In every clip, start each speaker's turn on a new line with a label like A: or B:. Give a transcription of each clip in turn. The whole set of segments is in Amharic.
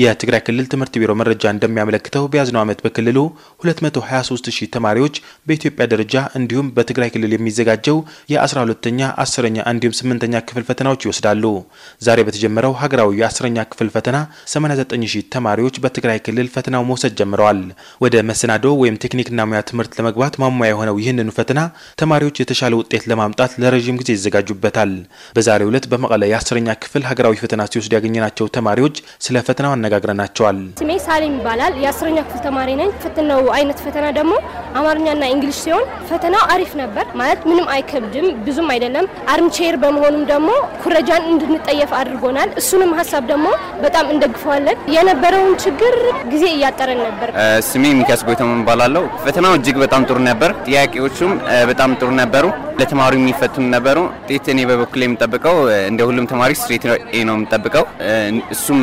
A: የትግራይ ክልል ትምህርት ቢሮ መረጃ እንደሚያመለክተው በያዝነው ዓመት በክልሉ 223 ሺህ ተማሪዎች በኢትዮጵያ ደረጃ እንዲሁም በትግራይ ክልል የሚዘጋጀው የ12ተኛ፣ 10ኛ እንዲሁም 8ኛ ክፍል ፈተናዎች ይወስዳሉ። ዛሬ በተጀመረው ሀገራዊ የ10ኛ ክፍል ፈተና 89 ሺህ ተማሪዎች በትግራይ ክልል ፈተናው መውሰድ ጀምረዋል። ወደ መሰናዶ ወይም ቴክኒክና ሙያ ትምህርት ለመግባት ማሟያ የሆነው ይህንኑ ፈተና ተማሪዎች የተሻለ ውጤት ለማምጣት ለረዥም ጊዜ ይዘጋጁበታል። በዛሬው ዕለት በመቀለ የ10ኛ ክፍል ሀገራዊ ፈተና ሲወስዱ ያገኘናቸው ተማሪዎች ስለ ፈተናው አነጋግረናቸዋል።
B: ስሜ ሳሌም ይባላል። የአስረኛ ክፍል ተማሪ ነኝ። ፈተናው አይነት ፈተና ደግሞ አማርኛና እንግሊሽ ሲሆን ፈተናው አሪፍ ነበር። ማለት ምንም አይከብድም፣ ብዙም አይደለም። አርምቼር በመሆኑም ደግሞ ኩረጃን እንድንጠየፍ አድርጎናል። እሱንም ሀሳብ ደግሞ በጣም እንደግፈዋለን። የነበረውን ችግር ጊዜ እያጠረን ነበር።
A: ስሜ ሚካስ ጎይተመን እባላለሁ። ፈተናው እጅግ በጣም ጥሩ ነበር። ጥያቄዎቹም በጣም ጥሩ ነበሩ። ለተማሪ የሚፈትን ነበሩ። ውጤት እኔ በበኩል የምጠብቀው እንደ ሁሉም ተማሪ ስትሬት ኤ ነው የምጠብቀው። እሱም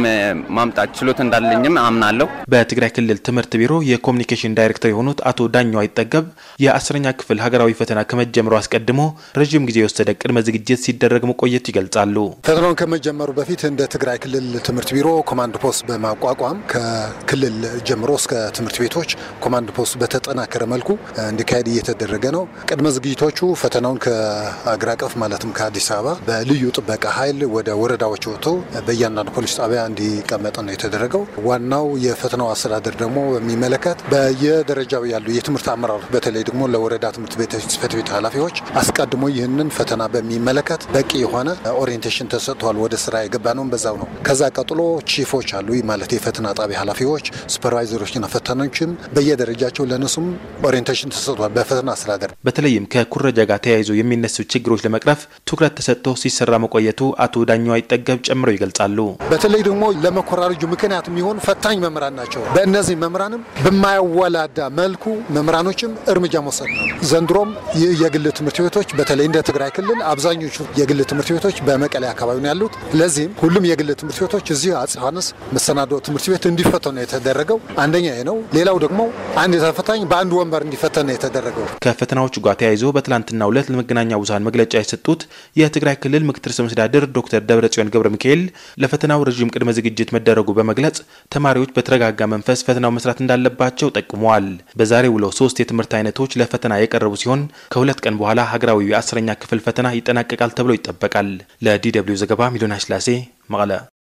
A: ማምጣት ችሎት እንዳለኝም አምናለሁ። በትግራይ ክልል ትምህርት ቢሮ የኮሚኒኬሽን ዳይሬክተር የሆኑት አቶ ዳኛው አይጠገብ የአስረኛ ክፍል ሀገራዊ ፈተና ከመጀመሩ አስቀድሞ ረዥም ጊዜ የወሰደ ቅድመ ዝግጅት ሲደረግ መቆየት ይገልጻሉ።
C: ፈተናውን ከመጀመሩ በፊት እንደ ትግራይ ክልል ትምህርት ቢሮ ኮማንድ ፖስት በማቋቋም ከክልል ጀምሮ እስከ ትምህርት ቤቶች ኮማንድ ፖስት በተጠናከረ መልኩ እንዲካሄድ እየተደረገ ነው። ቅድመ ዝግጅቶቹ ፈተና አሁን ከአገር አቀፍ ማለትም ከአዲስ አበባ በልዩ ጥበቃ ኃይል ወደ ወረዳዎች ወጥቶ በእያንዳንዱ ፖሊስ ጣቢያ እንዲቀመጥ ነው የተደረገው። ዋናው የፈተናው አስተዳደር ደግሞ በሚመለከት በየደረጃው ያሉ የትምህርት አመራሮች በተለይ ደግሞ ለወረዳ ትምህርት ቤቶች ጽሕፈት ቤት ኃላፊዎች አስቀድሞ ይህንን ፈተና በሚመለከት በቂ የሆነ ኦሪንቴሽን ተሰጥቷል። ወደ ስራ የገባ ነው በዛው ነው። ከዛ ቀጥሎ ቺፎች አሉ ማለት የፈተና ጣቢያ ኃላፊዎች፣ ሱፐርቫይዘሮችና ፈታኖችም በየደረጃቸው ለነሱም ኦሪንቴሽን ተሰጥቷል በፈተና አስተዳደር
A: በተለይም ከኩረጃ ጋር ተያይዞ የሚነሱ ችግሮች ለመቅረፍ ትኩረት ተሰጥቶ ሲሰራ መቆየቱ አቶ ዳኛ አይጠገብ ጨምረው ይገልጻሉ።
C: በተለይ ደግሞ ለመኮራረጁ ምክንያት የሚሆን ፈታኝ መምህራን ናቸው። በእነዚህ መምህራንም በማያወላዳ መልኩ መምህራኖችም እርምጃ መውሰድ ነው። ዘንድሮም ይህ የግል ትምህርት ቤቶች በተለይ እንደ ትግራይ ክልል አብዛኞቹ የግል ትምህርት ቤቶች በመቀሌ አካባቢ ነው ያሉት። ለዚህም ሁሉም የግል ትምህርት ቤቶች እዚህ አፄ ዮሐንስ መሰናዶ ትምህርት ቤት እንዲፈተኑ ነው የተደረገው። አንደኛ ነው። ሌላው ደግሞ አንድ ተፈታኝ በአንድ ወንበር እንዲፈተን ነው የተደረገው።
A: ከፈተናዎቹ ጋር ተያይዞ በትላንትናው ዕለት ለመገናኛ ብዙሃን መግለጫ የሰጡት የትግራይ ክልል ምክትል ርዕሰ መስተዳድር ዶክተር ደብረጽዮን ገብረ ሚካኤል ለፈተናው ረዥም ቅድመ ዝግጅት መደረጉ በመግለጽ ተማሪዎች በተረጋጋ መንፈስ ፈተናው መስራት እንዳለባቸው ጠቁመዋል። በዛሬ ውለው ሶስት የትምህርት አይነቶች ለፈተና የቀረቡ ሲሆን ከሁለት ቀን በኋላ ሀገራዊ የአስረኛ ክፍል ፈተና ይጠናቀቃል ተብሎ ይጠበቃል። ለዲ ደብልዩ ዘገባ ሚሊዮን ስላሴ መቀለ